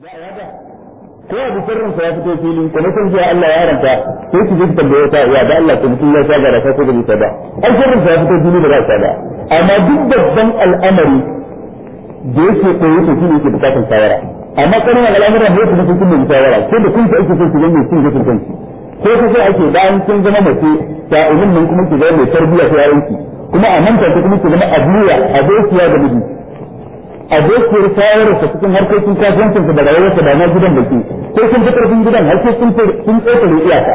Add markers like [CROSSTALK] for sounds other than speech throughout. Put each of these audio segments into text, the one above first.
ko a bi sirrin sa ya fito fili ko mutum ji Allah ya ranta sai ki jinta da ta ya da Allah kin ya sha gara ka ko da ta ba ai sirrin sa ya fito fili da ba ta ba amma duk babban al'amari da yake koyi to shine yake bukatar shawara amma karin al'amari ne yake bukatar kullu shawara ko da kun ta ake so ki ga me kin ga kin ko ka sai ake bayan kin zama mace ta ilmin nan kuma ki ga mai tarbiyya ta yaranki kuma a ta kuma ki zama abuya abokiya da miji a abokiyar shawarar ta cikin harkokin kasuwancin ka daga rayuwar ka gidan da ke ko sun fi karfin gidan har sai sun sun tsotare iyaka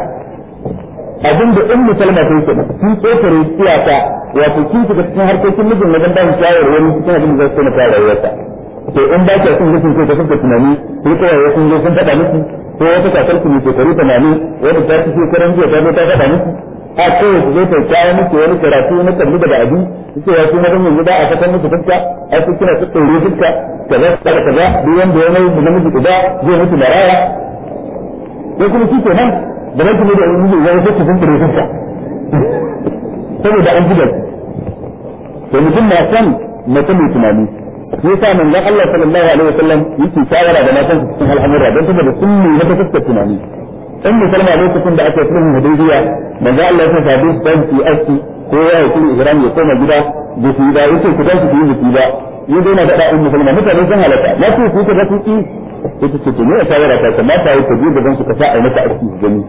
abin da in musalma ta ke sun tsotare iyaka wato kin fita cikin harkokin mijin wajen ba shi shawarwari cikin abin da zai tsona ta rayuwarsa to in ba ki sun rufin kai ka saka tunani ko kawai sun zo sun faɗa miki ko wata kasar ku mai shekaru tamanin wata ta fi shekaran jiya ta zo ta faɗa miki a ko ya zo ta kyawa muku wani karatu na kalli daga abin ya kuma yanzu ba a fatan muku a kina tsoro kaza kaza kaza duk wanda ya mai guda zai mutu da raya ko kuma shi kenan da kuma da ya tsoro saboda an gudu to mutum na san mace mai tunani shi yasa Allah sallallahu alaihi wasallam yake shawara da matan cikin al'amura don saboda sun ne na ta tunani in musulma lokacin da ake sulhun hudaybiya manzo Allah ya sa su dan su aski ko ya yi sulhu ihram ya koma gida da su da yake ku dan su yi biki ba yi dai na da da'in musulma mutane sun halaka na ce ku ta ku ki ta ce ne ta yara ta kamar ta yi ta da gaban su ka sa a mata aski gani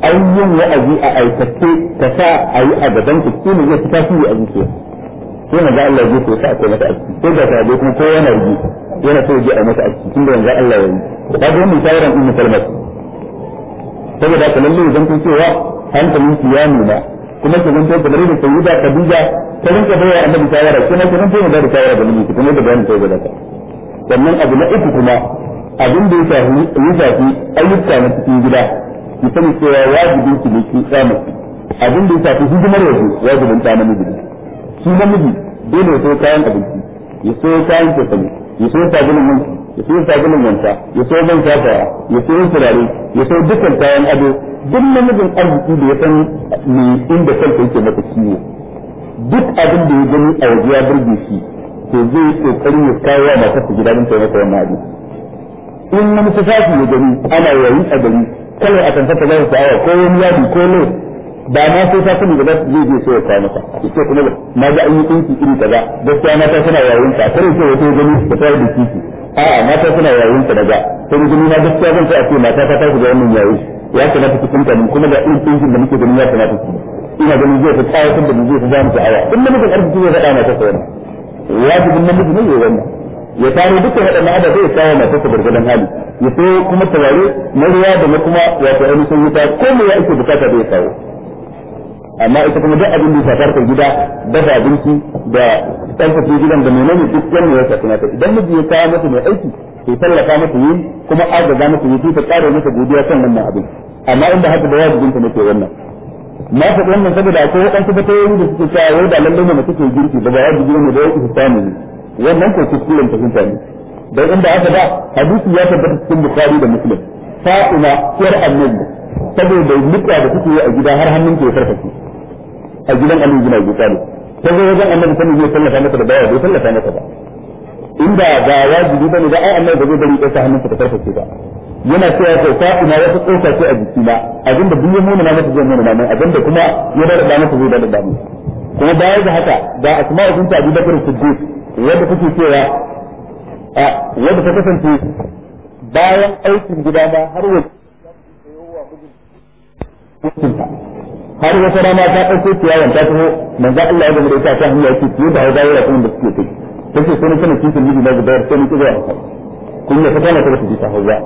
an yin wa'azi a aikace ta sa a yi a gaban ku ne ya fita su a zuciya sai manzo Allah ya ce sa ko mata aski ko da ta kuma ko yana rubuta yana so ya ji a mata aski tun da manzo Allah ya yi da ga mun shawaran ummu salmatu saboda ka lalle idan kun cewa hankalin ki ya nuna kuma ki zanto kamar da sayyida kadija ta rinka bayar annabi shawara kuma ki zanto da da shawara da miji kuma da bayanin sai da ka sannan abu na uku kuma abin da ya shafi ya shafi ayyuka na cikin gida ki sani cewa wajibin ki ne ki tsama abin da ya shafi hidimar waje wajibin ta namiji shi namiji dole ya so kayan abinci ya so kayan tafali ya so sabulun wanki ya sayo sabulun wanka ya sayo man shafawa ya sayo turare ya sayo dukkan kayan ado duk namijin arziki da ya san me inda kansa yake maka kiwo duk abin da ya gani a waje ya burge shi to zai yi kokari ya kawo wa ta gida don taimaka wannan abin in wani tufafi ya gani ana yayi a gari kawai a tantata za su sa'awa ko wani yadi ko ne ba na sai ta kuma gaba zai je sai ya kawo maka ita kuma na ga an yi dinki iri kaza gaskiya mata tana yayin ta kare sai wato gani ta ta da kiki a'a mata suna yayin ta daga sai gani na gaskiya zan sai a ce mata ta tafi da wannan yayi ya kamata cikin ta kuma da irin tsinkin da muke gani ya kamata su ina ganin zai ta tsayatar da zai ta za mu ta'awa in namijin arziki zai faɗa mata sauran wajibin namiji ne ya wannan ya taro dukkan waɗannan adadai ya kawo mata ta gargadan hali ya so kuma tawaye na ruwa da na kuma wato ainihin wuta ko me ya ake bukata da ya tsaya amma ita kuma duk abin da ya shafi gida dafa abinci da tsarkake gidan da menene duk wannan ya shafi nata idan miji ya kawo masa mai aiki to tallafa mata yi kuma agaza mata yi ta kare mata godiya kan wannan abin amma inda haka da wajibin ta nake wannan na faɗi wannan saboda akwai waɗansu fatayoyi da suke cewa da lallai ne mace ke girki da ba wajibi ne da isa hisani ne wannan ko kuskuren ta hisani dan inda haka da hadisi ya tabbata cikin bukhari da muslim fa'ila sir annabi saboda mutsa da suke yi a gida har hannun ke farfashe a gidan Ali bin Abi Talib ta zo wajen Annabi sallallahu alaihi wasallam masa da baya bai masa ba inda ba wajibi bane da ai Annabi zai bari kai hannunsa ta karfafe ba yana cewa ko ta ina wata tsoka ce a jikina abinda duk ya mona masa zai mona mai abinda kuma ya da masa zai da da kuma baya da haka ga Asma'u bint Abi Bakr Siddiq wanda take cewa a wanda ta kasance bayan aikin gida ba har yau wa mijinta har wata rana ta ɗauko ciyawan ta taho manzo Allah ya gama da ita kan hanya ki ki da hawa ya kuma da suke kai ce sai kana cikin miji na zubar sai ni zuwa haka kun ya fata na ta ji ta hawa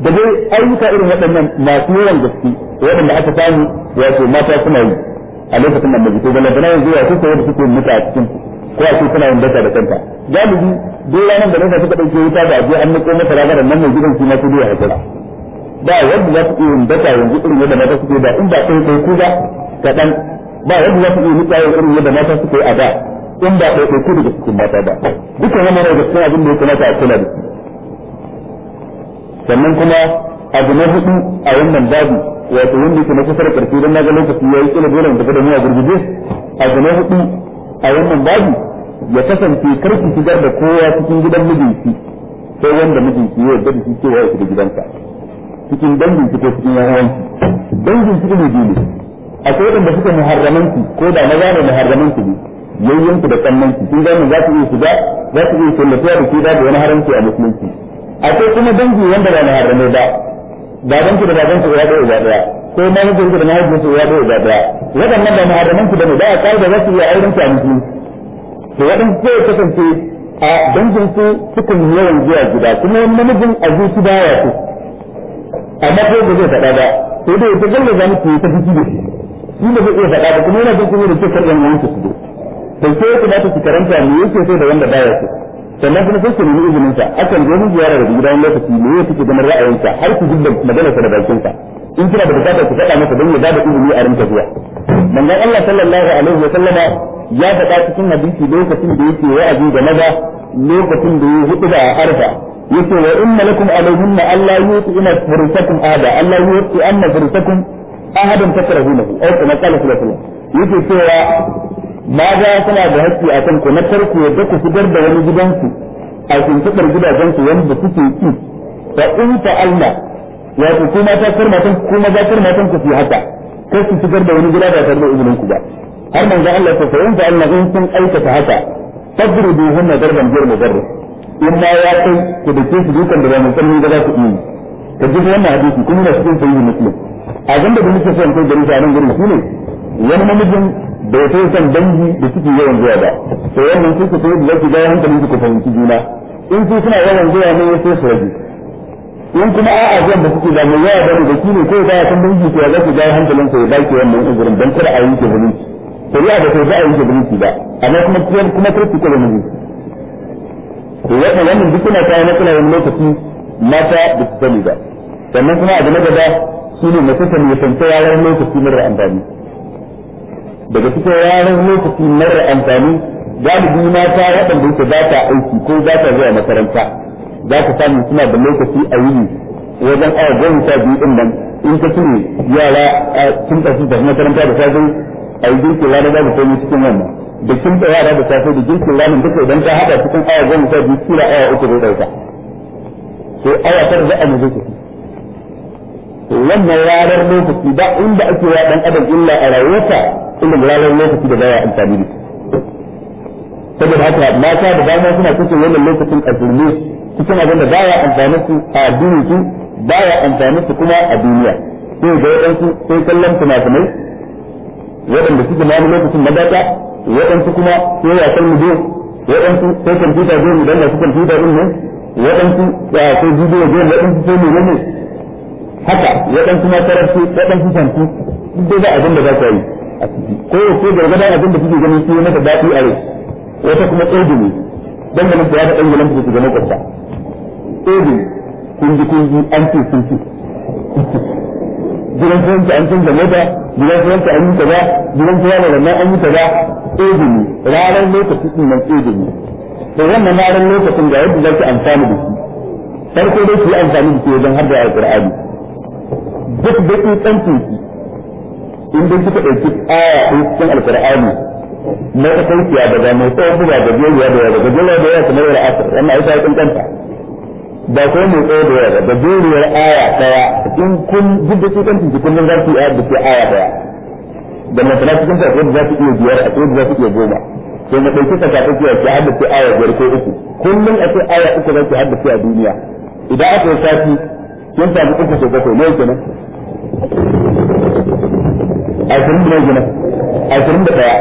da dai ayyuka irin waɗannan masu yawan gaske waɗanda aka samu wato mata suna yi a lokacin da mace ko da na yanzu ya kuka yadda suke mutu a cikin ko a cikin suna yin daka da kanta galibi duk ranar da nasa suka ɗauke wuta da abu an nako masa ranar nan mai gidan shi ma su biya hakura ba wanda za su iya yin daka yanzu irin yadda mata suke da in ba ɗaya ɗaya ku ba kaɗan ba wanda za su iya nika yin irin yadda mata suke a da in ba ɗaya ɗaya ku daga cikin mata ba dukkan wani daga cikin abin da ya kamata a kula da sannan kuma abu na hudu a wannan babu wato wanda ke na kusar karfi don naga lokaci ya yi kila dole da mu a gurguje abu na hudu a wannan babu ya kasance karki shigar da kowa cikin gidan mijinki sai wanda mijinki ya yarda da shi cewa ya shiga gidanka cikin dangin ko cikin yawan dangin cikin ne a ko da suka muharramanci ko da maza ne muharramanci ne yayyanku da su sun ga za su yi su ba za su yi kullatuwa da ke da wani haramci a musulunci a ko kuma dangi wanda ba muharrame ba babanki da su ya da uba daya ko mahaifinku da su ya da uba daya waɗannan ba muharramanci bane ba a kai da za su iya auren a musulunci to waɗansu sai kasance a dangin su sukan yawan zuwa gida kuma namijin a zuci baya su amma ko ba zai faɗa ba sai dai ta galla zamu ce ta fiki da shi ba zai iya faɗa ba kuma yana jin kuma da ke karɓar yanki su to sai ya kamata ki karanta me yake so da wanda baya so sannan kuma sai ki nemi izinin sa akan zo mu ziyara da gida wani lokaci me yake kike ganin sa har ki jidda magana sa da bakin sa in kina da bukata ki faɗa masa don ya bada izini a rinka zuwa manzon Allah sallallahu alaihi wa sallama ya faɗa cikin hadisi lokacin da yake wa'azi da maza lokacin da ya hudu da arfa yace wa inna lakum alayhinna alla yuqina fursakum ada alla yuqi anna fursakum ahadan takrahunahu aw kama qala sallallahu alaihi wasallam yace cewa maza suna da haƙƙi a kan ku na tarku yadda ku fitar da wani gidansu a shimfiɗar gidajensu wanda suke ki fa in fa'alna wato ku mata kar matan ku maza kar ku fi haka kai su fitar da wani gida ba tare da izinin ku ba har manzo Allah ya ce fa in fa'alna in sun aikata haka fadribuhunna darban ghayr mudarrab in ma ya kai ku da ke dukan da ba mu sanin da za ku yi ka ji wannan hadisi kuma na cikin sahihi muslim abin da muke son kai gari a nan shine wani namijin da ya san dangi da suke yawan zuwa ba to wannan su ku sai zaki ku ga hankalin ku fahimci juna in su suna yawan zuwa ne sai su rage in kuma a zuwan da suke zamu yawa da da shine ko da san dangi ko za ku ga hankalin ku ya dake wannan uzurin dan kar a yi ke Ko shari'a da sai za a yi ke zumunci ba amma kuma kuma kuma ko da mijin to wannan duk kuna kawo matsala wani lokaci mata da su sani ba sannan kuma abu na gaba shi ne mace ta nisanci ranar lokaci mara amfani daga cikin ranar lokaci mara amfani galibi mata waɗanda yake ba ta aiki ko ba ta zuwa makaranta za ka samu suna da lokaci a yini wajen awa goma sha biyu ɗin nan in ta cire yara sun ɗauki da makaranta da safe a yi girki ranar da ta cikin wannan da kin da yara da safe da girkin ranar duka idan ka haɗa cikin aya goma sha biyu kila aya uku zai ɗauka to aya tara za a mu zai tafi wannan ranar lokaci ba inda ake ya dan adam illa a rayuwarsa illa ranar lokaci da baya amfani da saboda haka mata da dama suna cikin wannan lokacin a zurmi cikin abin da baya amfani su a duniya su baya amfani su kuma a duniya sai ga wadansu sai kallon fina-finai waɗanda suke na lokacin na waɗansu kuma sai ya san mu je waɗansu sai kwamfuta zo mu danna su kwamfuta ɗin ne waɗansu sai bidiyo zo waɗansu sai mu ne haka waɗansu ma karatu waɗansu santi duk da abin da za ka yi a ko ya ce abin da kuke ganin sai maka dadi a rai wata kuma tsodumi dangane da ya faɗa gilan ku ga makwabta tsodumi kun ji kun ji an ce sun ci [LAUGHS] gidan tuwanci an canza mota gidan tuwanci an yi kaza gidan tuwanci da nan an yi kaza tsegumi ranar lokacin din nan tsegumi to wannan ranar lokacin da yadda zaki amfani da shi farko dai ki amfani da shi wajen har da alqur'ani duk da ki tsanci ki in dai kika dauki aya a cikin alqur'ani na kauciya daga mai tsawon buga da biyar da daga jalla da ya kamar ra'asa wannan ai ta kankanta da ko mai tsaye da yawa da duriyar aya daya in kun duk da cikin cikin nan za su yi da ke aya daya da masana cikin ta kuma za su iya biyar a kuma za su iya goma sai na ɗauki ta kafin cewa ki haddace aya biyar ko uku kullum a ce aya uku za ki haddace a duniya idan aka yi sati kin samu uku sau bakwai ne kenan ashirin da kenan ashirin da ɗaya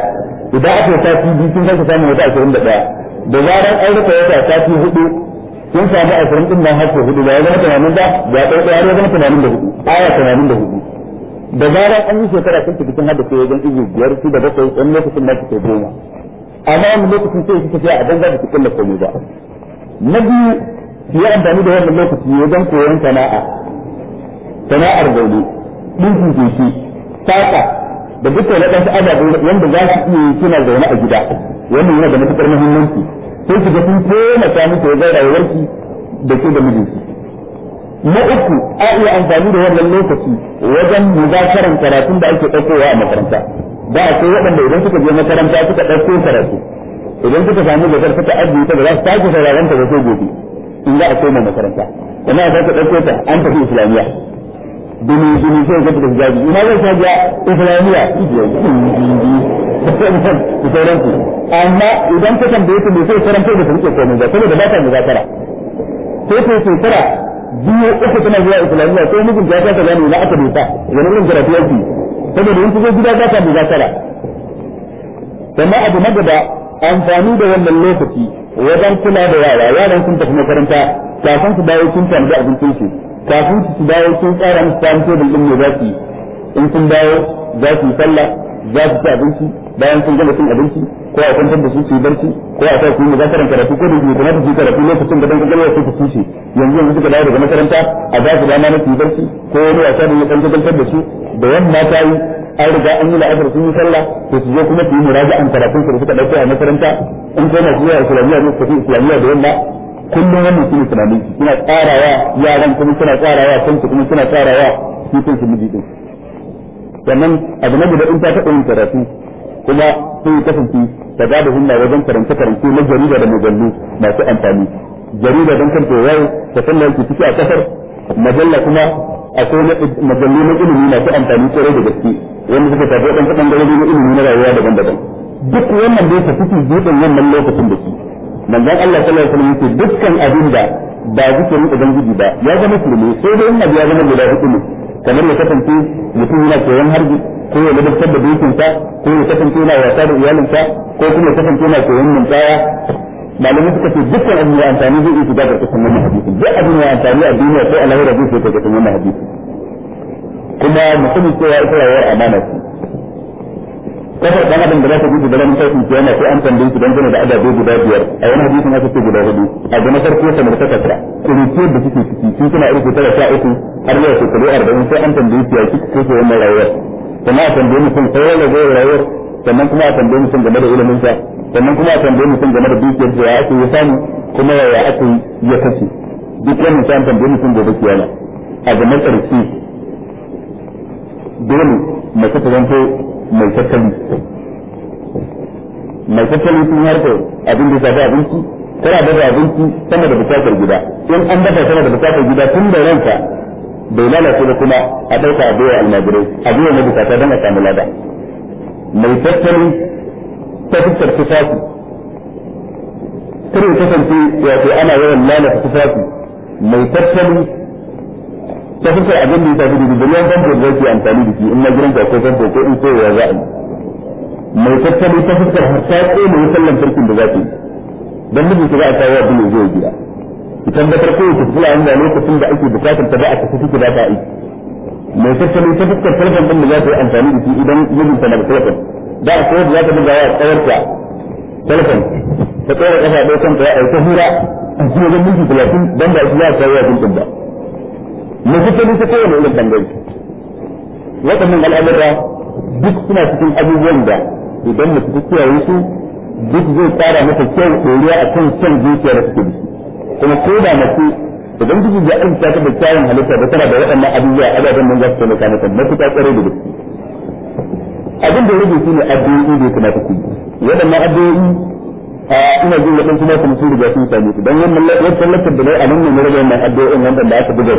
idan aka yi sati biyu kin sake samun wata ashirin da ɗaya da zaran an rufe wata sati hudu sun samu ashirin din nan hakko hudu ba ya zama tunanin ba ya ɗauka ya zama tunanin da hudu aya tunanin da hudu da zarar an yi shekara sun tafi cikin haddace wajen izu biyar su da bakwai ɗan lokacin su ke goma amma wani lokacin sai su tafiya a banza da su kulla komai ba na biyu su yi amfani da wannan lokaci wajen koyon sana'a sana'ar gauri ɗinkin keke saka da dukkan waɗansu ababen wanda za su iya yi suna zaune a gida wannan yana da matuƙar muhimmanci sai ki ga sun taimaka miki wajen rayuwarki da ke da mijinki na uku a iya amfani da wannan lokaci wajen muzakaran karatun da ake ɗaukowa a makaranta a sai waɗanda idan suka je makaranta suka ɗauko karatu idan suka samu gasar suka ajiye ta ba za su sake sauraron ta da sai gobe in za a koma makaranta Kuma a sake ɗauko ta an tafi islamiyya dumi dumi sai ka tafi jaji ina zai sa ga islamiyya da sauransu amma idan ka tambaye ta me sai karanta da ko komai ba saboda ba ta muzakara sai ta shekara biyu uku tana zuwa islamiyya sai mijin ya kasa gane na aka dosa wani irin karatu yake saboda in kuzo gida ba ta muzakara sannan abu na gaba amfani da wannan lokaci wajen kula da yara yaran sun tafi makaranta kafin su dawo sun tanu da abincin su kafin su dawo sun tsara musu tsarin tebul din ne za su in sun dawo za su yi sallah za su ci abinci bayan sun gama cin abinci ko a kwantar da su su yi barci ko a sa su yi muzakaran karatu ko da su kuma su yi karatu lokacin da dan gagarwa su su tushe yanzu yanzu suka dawo daga makaranta a za su dama na su yi barci ko wani wasa da ya dan gagarwa da su da yamma ta yi an riga an yi la'asar sun yi sallah to su zo kuma su yi an karatun su da suka dauko a makaranta in kai masu yawa islamiyya ne su islamiyya da yamma kullum wannan ne tunanin su suna tsarawa yaran kuma suna tsarawa kansu kuma suna tsarawa su kansu miji din sannan abu na da in ta taɓa yin karatu kuma sun kasance da gada hunna wajen karanta karanta na jarida da mujallu masu amfani jarida don kanta yau ta sallar ki ciki a kasar majalla kuma akwai majallu na ilimi masu amfani tsoro da gaske wanda suka tafi wadansu bangarori na ilimi na rayuwa daban-daban duk wannan dai ta fiti buɗin wannan lokacin da shi manzon Allah sallallahu alaihi wasallam yake dukkan abin da ba zikirin ubangiji ba ya zama turmi sai dai in abu ya zama guda hudu kamar ya kasance mutum yana koyon harbi ko ya ladabtar da dukinsa ko ya kasance yana wasa da iyalinsa ko kuma ya kasance yana koyon mintaya malamai suka ce dukkan abin ya amfani zai iya shiga karkashin wannan hadisi duk abin ya amfani a duniya ko a lahira zai shiga karkashin wannan hadisi kuma mutumin cewa ita rayuwar amana ce kafar dan adam da za ta gudu da ranar sarkin kiyama sai an tambaye su dangane da adabe guda biyar a wani hadisin aka ce guda hudu a ga farko sa mutum ta kira da suke ciki sun suna da shekara sha uku har zuwa shekaru arba'in sai an tambaye su ya kika kake wannan rayuwar sannan a tambaye mutum sai rayuwar sannan kuma a tambaye mutum game da ilimin sa sannan kuma a tambaye mutum game da dukiyar da ya ake ya samu kuma ya ake ya kace duk wannan sai an tambaye mutum gobe kiyama a ga na dole mace ta zanto mai tattali mai tattali sun harka abin da shafi abinci tana dafa abinci tana da bukatar gida in an dafa tana da bukatar gida tun da ranka bai lalace ba kuma a ɗauka a biya almajirai a biya na bukata don a samu lada mai tattali ta fuskar tufafi kare kasance wato ana yawan lalata tufafi mai tattali ta fuskar abin da ya tafi da biliyan famfo da ke amfani da shi in na gidan akwai famfo ko in kowa za a yi mai tattali ta fuskar hasaƙo da wutar lantarkin da za ta yi don mijin su za a kawo abin da zai gida ki tabbatar ko ki fula inda lokacin da ake bukatar ta ba a tafi ki ba ta aiki mai tattali ta fuskar telefon din da za ta yi amfani da shi idan mijin ta na da telefon da a kowa za ta buga wa ta telefon ta tsawar ƙasa ɗaya kan ta ya aika hura a cikin wajen minti talatin don da a shi za a kawo abin da mafitani ta kowane irin bangare waɗannan al'amura duk suna cikin abubuwan da idan mutum ta kiyaye su duk zai tsara mata kyau ɗoriya a kan can zuciya da suke biki kuma ko da mace idan duk ga an ta da kyawun halitta da tana da waɗannan abubuwa ababen nan za su taimaka mata mafita tsare da gaske abin da ya rage shine addu'o'i da ya kamata ku yi waɗannan addu'o'i a ina jin waɗansu na kuma sun riga sun same su don wannan wata lakar da na a nan ne na rage wannan addu'o'in wanda da aka buga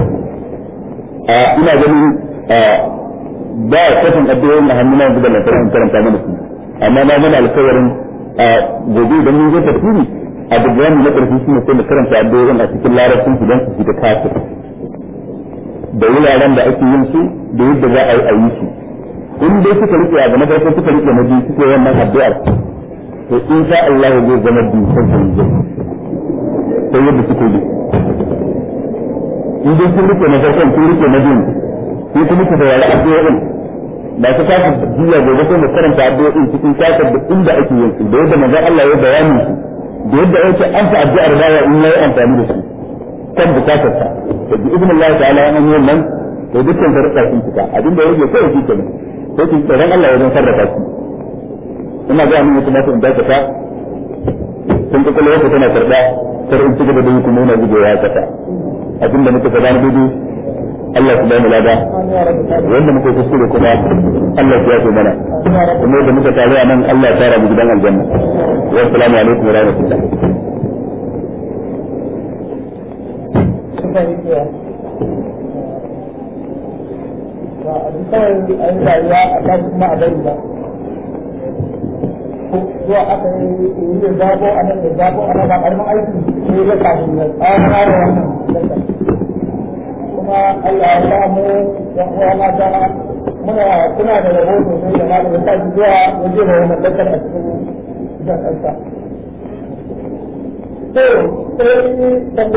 a ina ganin ba a kafin addu'o'in a hannun yanzu da lantarki karanta mana su amma na mana alkawarin gobe idan mun je tafsiri a dubban na ƙarfi shine sai mu karanta addu'o'in a cikin larabcin su don su fita kafir da wuraren da ake yin su da yadda za a yi a yi su in dai suka rike a game da suka rike na biyu suke wannan addu'ar to in sha Allah zai zama biyu sai sai yadda suke yi in dai kun rike na farkon kun rike na biyu kun kuma ku da yara addu'o'in ba su kafa jiya gobe sai mu karanta addu'o'in cikin kasar da inda ake yin da yadda manzon Allah ya bayani su da yadda yake an ta addu'ar bawa in yayi amfani da su kan bukatar ta da bi ibn Allah ta'ala an yi nan to dukkan farka sun fita abinda yake sai shi kenan sai ki tsaron Allah ya sarrafa shi ina ga mun mutum da ta sun kuma yake tana karba kar in cigaba da yi kuma yana zubewa kasa abin da muka faɗa dudu Allah su bamu lada wanda muka kuskure kuma Allah ya so mana kuma da muka tare a nan Allah ya tara mu gidan aljanna wa assalamu alaikum wa rahmatullah ba a dukkan ayyuka ya a kan kuma a bari ba zuwa aka yi yin zaɓo a nan da zaɓo a nan ba aiki ne ya wannan kuma Allah ya sa mu yan uwa mata muna kuna da rabo sosai da ma da zuwa waje da wannan a cikin jihar To, sai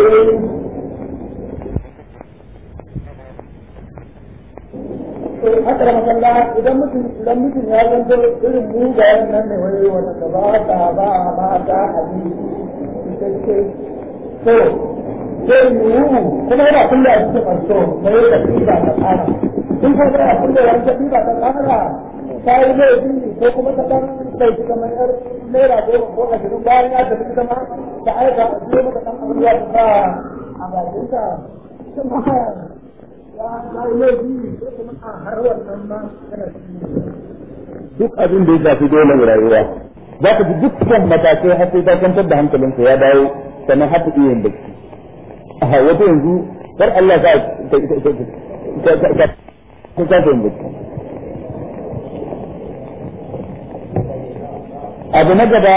akara masalla idan mutum idan mutum ya zanto irin mu mugayen wannan ne wai wata ka ba ta ba ba ta abin ita ce to sai mu kuma yana kun da cikin aso da ya tafi ba ta tsara in ko da kun da wani tafi ba ta tsara ta yi laifi ko kuma ka dan laifi kamar yar naira goma ko ashirin bayan ya tafi ita ma ta aika a biyo mata dan abubuwa ta ba a bakinta. duk abin da ya shafi dole rayuwa za ka ji dukkan matakai har sai ta kwantar da hankalinka ya dawo sannan har ta iya yin bacci a wata yanzu kar Allah ka ka ka yin bacci abu na gaba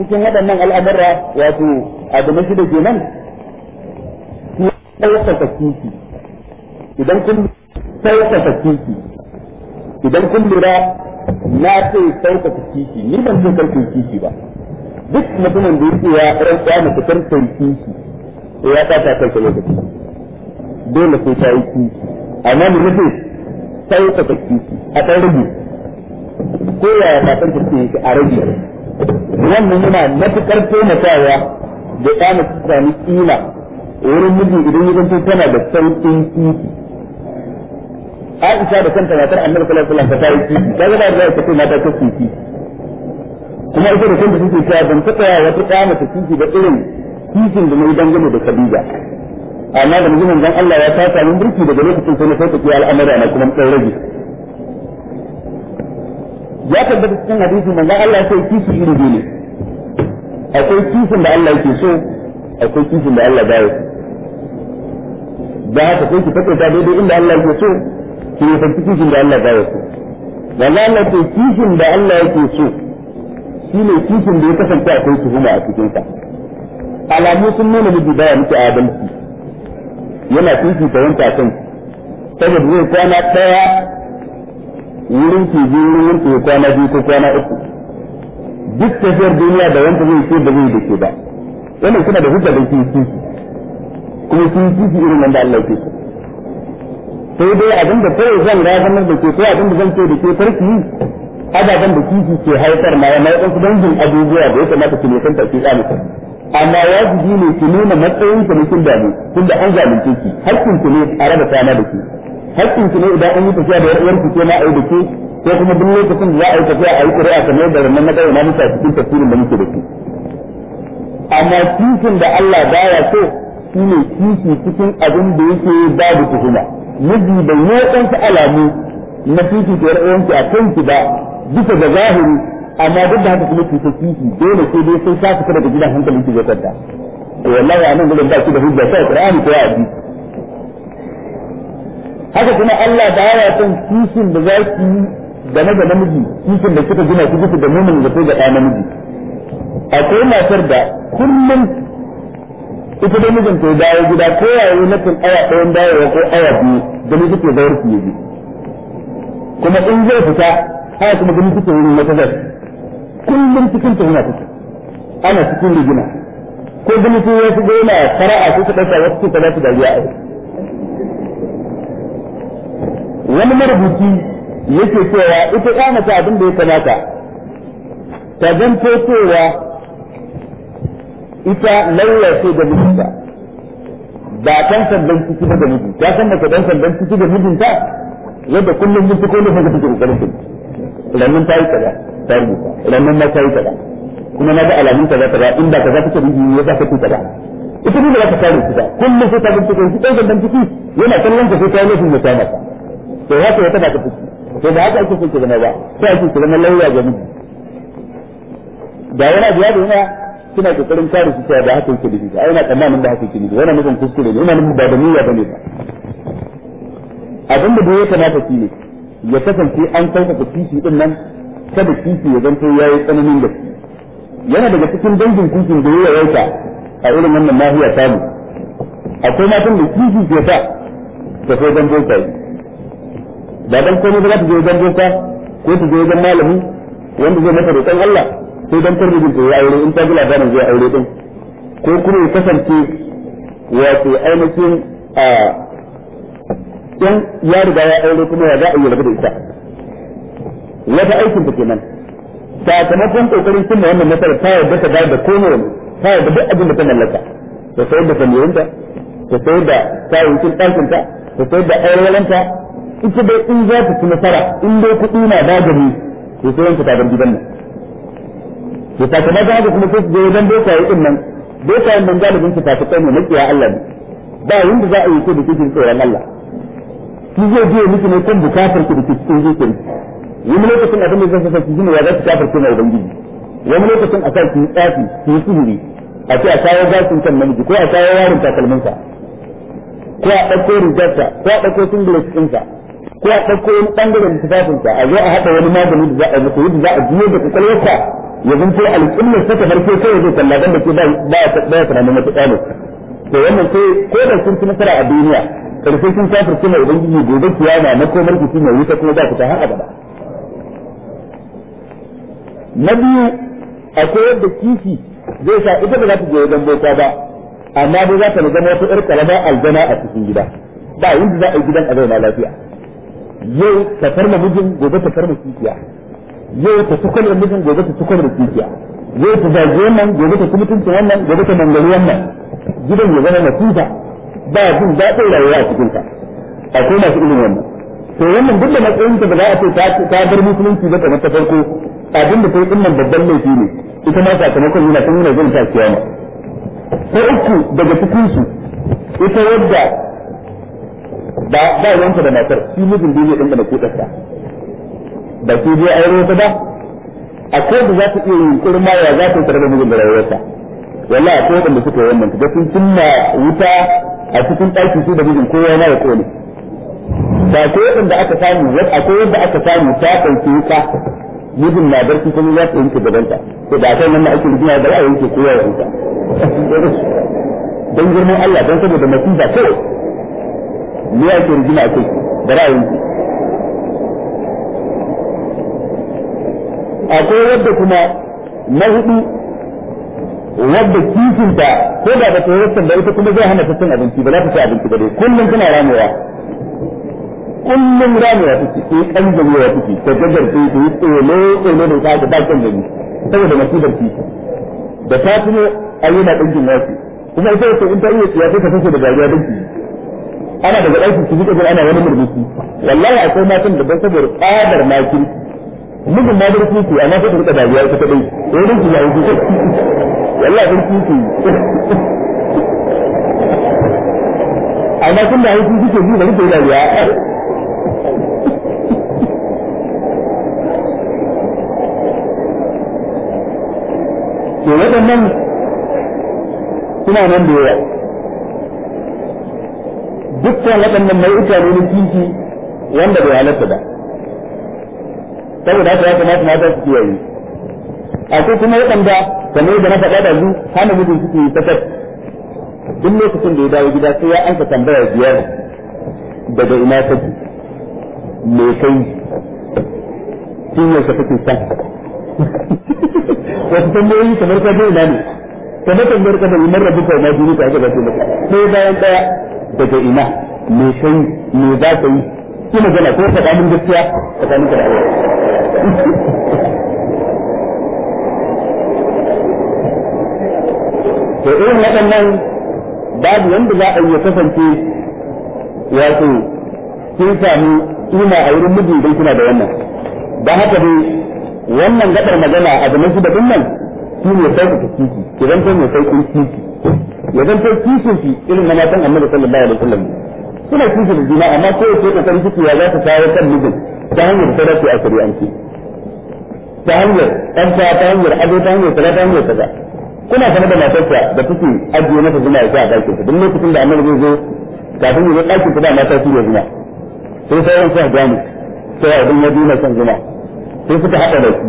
cikin waɗannan al'amura wato abu na shida kenan ya ɗaukaka kifi idan kun sauƙaƙa titi idan kun lura na ce sauƙaƙa titi ni ban ce karfin titi ba duk mutumin da yake ya ran tsaya mace karfin titi ya ta ta kai lokaci dole sai ta yi titi amma mu rufe sauƙaƙa titi a ɗan rubu ko ya ta ta ce a rage wannan yana matuƙar taimakawa da ta mace ta kila wurin miji idan ya zanto tana da sauƙin titi Aisha da kanta matar Annabi sallallahu alaihi wasallam ta yi kifi kaga da za ta ce mata ta kifi kuma ita da kanta take cewa ban taɓa ya wata ta mata kifi da irin kifin da mai dangane da Khadija amma da mutumin dan Allah ya ta samu burki daga lokacin sai na sauka ki al'amara na kuma dan rage ya tabbata cikin hadisi manzon Allah ya ce kifi iri biyu ne akwai kifin da Allah yake so akwai kifin da Allah baya so da haka sai ki taƙaita daidai inda Allah yake so ku ne san kishin da Allah baya so wallahi Allah ce kishin da Allah yake so shine kishin da ya kasance akwai tuhuma a cikin ka alamu sun nuna miji baya miki adalci yana fifita wanka kan saboda zai kwana daya wurin ki je wurin ki kwana biyu ko kwana uku duk tafiyar duniya da wanda zai ce da zai da ke ba wannan kuna da hujja da kishi kuma kishi irin wanda Allah yake so sai dai abin da kawai zan razamar da ke ko abin da zan ce da ke farki ababen da kifi ke haifar ma yana wasu dangin abubuwa da ya kamata ki nisan ta ki tsani amma wajibi ne ki nuna matsayin ki ne kin damu tun da an zalunce ki hakkin ki ne a raba kwana da ki hakkin ki ne idan an yi tafiya da yarwar ki ke ma a yi da ke ko kuma duk lokacin da za a yi tafiya a yi ƙuri'a kamar da wannan na na mutu a cikin tafsirin da muke da ke amma kifin da Allah baya so shine kifi cikin abin da yake babu tuhuma miji bai yi waɗansu alamu na titi da yar'uwanki a kanki ba bisa da zahiri amma duk da haka kuma ki saki dole sai dai sai ka fita da gidan hankalin ki zai kwanta to wallahi anan gudan ba ki da hujja sai Qur'ani ko a hadisi haka kuma Allah ba ya san kishin da zaki game da namiji kishin da kika gina ki bisa da mumin da sai da namiji akwai matar da kullum ita da mijinta ya dawo gida ko yayi na kan awa ɗayan dawowa ko awa biyu gani suke zaure su yi kuma in zai fita haka kuma gani suke yin wata zai kullum cikin ta yana fita ana cikin rigina ko gani sun ya shigo yana fara'a ko su ɗauka wasu suka za su dariya a wani marubuci yake cewa ita ya ta abin da ya kamata ta zanto cewa ita lallace ce da mijinta ba kan sandan ciki ba da miji ya san mace kan sandan ciki da ta yadda kullum mun tuko ne ga take kokarin ta rannan ta yi kaza ta yi kaza rannan ma ta yi kaza kuma na ga alamun kaza kaza inda kaza take miji ya sa ta kaza ita ne za ta kare shi ba kullum sai ta bincike shi dan sandan ciki yana kallon ka sai ta yi lokacin da ta maka to ya ta ba ta ciki to da haka ake so ki na ba sai ake ki zama lauya ga miji da yana biya da yana suna kokarin kare su cewa ba haka yake nufi ai na tsammanin ba haka yake nufi wannan nufin kuskure ne wannan nufin ba da niyya bane ba abin da ya kamata shi ne ya kasance an sauƙaƙa kishi din nan kada kishi ya zanto yayi tsananin da yana daga cikin dangin kishin da ya yawaita a irin wannan nahiya samu akwai matan da kishi ke sa ta sai dan boka yi ba dan komai ba za ta je dan boka ko ta je dan malami wanda zai da roƙon Allah sai dan tarbijin mijin ta yi aure in ta ji labarin zai aure din ko kuma ya kasance wato ainihin a yan ya riga ya aure kuma ya za a yi rabu da ita wata aikin ta kenan sakamakon kokarin cimma wannan nasarar ta yarda ta da komai ta yarda duk abin da ta mallaka ta sayar da samiyarinta ta sayar da kayayyakin ɗakinta ta sayar da aurewalanta ita dai in za ta ci nasara in dai kuɗi na dagari to sai yanka ta bar gidan nan ta kuma ga kuma ko da wajen dokaye din nan dokayen nan galibin ta kai ne makiya Allah ne ba yanda za a yi ko da kike tsoron Allah ki zai biye miki ne kan bukatar ki da kike cikin yi mu lokacin abin da zai saka ki ne ya za ki kafar kuma ubangiji mu lokacin a kai ki tsafi ki sihiri a ce a kawo gasin kan namiji ko a kawo warin ka ko a ɗauko rigarsa ko a ɗauko singlet ka ko a ɗauko wani ɓangaren ka a zo a haɗa wani magani da za a yi ko yadda za a biyo da kwakwalwarsa ya zanto alƙilla su ta farko sai ya zo kalla dan da ke ba ba ya tunanin matuƙa ne to wannan sai ko da sun ci nasara a duniya karshe sun kafir kuma ubangiji gobe kiyama na komar ki mai wuta kuma za ku ta har abada na biyu akwai yadda kifi zai sa ita ba za ta je wajen boka ba amma dai za ta zama wata ƴar karama aljana a cikin gida ba yanda za a yi gidan a zauna lafiya yau ta farma mijin gobe ta farma kifiya Yauta ta da mutum gobe ta tukar da kikiya zai ta zage wannan gobe ta mutunci wannan gobe ta mangari wannan gidan ya zama masifa ba jin daɗin rayuwa a cikinta akwai masu irin wannan to wannan duk da matsayin ta za a ce ta bar musulunci ba kamar ta farko abin da sai dinnan babban laifi ne ita ma sakamakon yana tun yana zan ta kiyama ta uku daga cikin su ita wadda ba ba yanka da matar shi mijin da yake dinka da kudarsa ba ki je yi ta ba akwai da za ta iya yunkurin ma ya za ta tsare da mijin da rayuwarsa wallahi akwai wanda suka yi wannan kaga sun cinna wuta a cikin ɗaki su da mijin kowa na ya kone ba akwai da aka samu akwai da aka samu ta ɗauki wuta mijin na barci kuma za ta yanke gabanta ko da akwai nan ake rigima da ra'ayin ke kowa ya wuta don girman Allah don saboda masifa kawai ne ake a kai da ra'ayin ku akwai wadda kuma na hudu wadda kifinta ko da ba ta yi da ita kuma zai hana ta cin abinci ba za ta ci abinci ba dai kullum tana ramewa kullum ramewa take ko kan jamewa take ta gajar ta yi yi tsole tsole da ta ga bakin gani saboda masifar kifi da ta tuno na ɗangin wasu kuma ita wata in ta iya tsiya ta fashe da dariya dinkin ana daga ɗakin su duka ana wani murmushi wallahi akwai matan da ban saboda tsadar makin mijin ma dai kiki amma sai ta rika dariya ita ta dai eh dai ya yi wallahi dai kiki amma kun da yi kiki ke bi bari ke dariya to waɗannan suna nan da yawa dukkan waɗannan ita ne na kiki wanda bai halatta da saboda haka ya kamata mata su kiyaye akwai kuma waɗanda kamar da na faɗa da zu hana mijin suke yi sakat duk lokacin da ya dawo gida sai ya ansa tambaya biyar daga ina kake me kai shi ne ka kake san wasu tambayoyi kamar ka je ina ne kamar tambayar ka da imar rabu kai na duniya ka ga ba sai ɗaya bayan ɗaya daga ina me kai me za ka yi ki magana ko faɗa min gaskiya tsakanin ka da Allah to irin waɗannan babu wanda za a yi kasance wato sun sami kima a wurin miji idan kuna da wannan don haka dai wannan gaɗar magana a na shi da nan shi ne sauƙi ta kiki ki zanto mai ku kiki ya zanto kikin ki irin na matan annabi sallallahu alaihi wasallam suna kiki da juna amma ko ya ka kokarin kiki ya za ta kawo kan mijin ta hanyar da a shari'anci ta hanyar ɗan ta ta hanyar ado ta hanyar kaza ta hanyar kaza kuna sanar da matarsa da take ajiye masa zuma ya sa a ɗakin ta duk lokacin da annabi zai zo kafin ya zo ɗakin ta da mata su ne zuma sai sauran sa gani sai abin ya dina son zuma sai suka haɗa da shi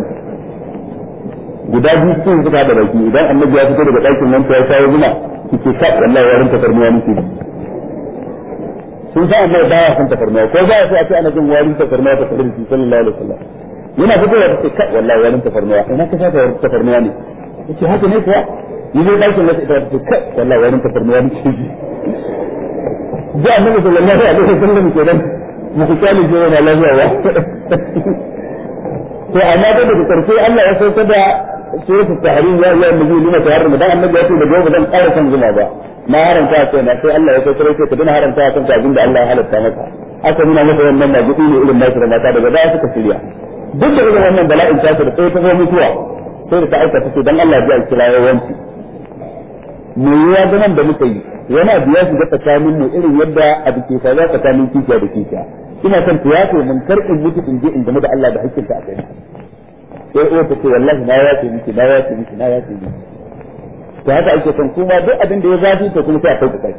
guda biyu sun suka haɗa baki idan annabi ya fito daga ɗakin nan ya shawo zuma kike ka wallahi yarin ta farmiya nake sun sa annabi baya son ta farmiya ko za a ce ana jin warin ta farmiya ta farmiya sallallahu alaihi wasallam yana fitowa ta ce kai wallahi wani tafarnuwa ina ka shafa wani tafarnuwa ne yace haka ne kuwa ni zai dakin wasu ita ta kai wallahi wani tafarnuwa ne ke ji ji annabi sallallahu alaihi wasallam kenan mu ku kyale je yana lafiya wa to amma da daga karshe Allah ya sauka da suratul tahrim ya ayyuhan nabiyyu lima taharramu dan annabi ya ce da gobe zan ƙara san zuma ba na haramta kai na sai Allah ya sauka sai ka dana haramta kan abin da Allah ya halatta maka aka nuna masa wannan majidi ne irin nasu da mata daga baya suka shirya duk da irin wannan bala'in ta da sai ta zo mutuwa sai da ta aika take dan Allah ya kira yawanci me ya ga nan da muka yi yana biya su ga tsakanin mu irin yadda a dake ta za tsakanin kishiya da kishiya ina son ta tiyato mun karɓin mutu in je in game da Allah da hakkin ta a kai sai uwa ta ce wallahi na yafe miki na yafe miki na yafe miki ta haka ake son kuma duk abin da ya zafi to kuma sai a kauka kai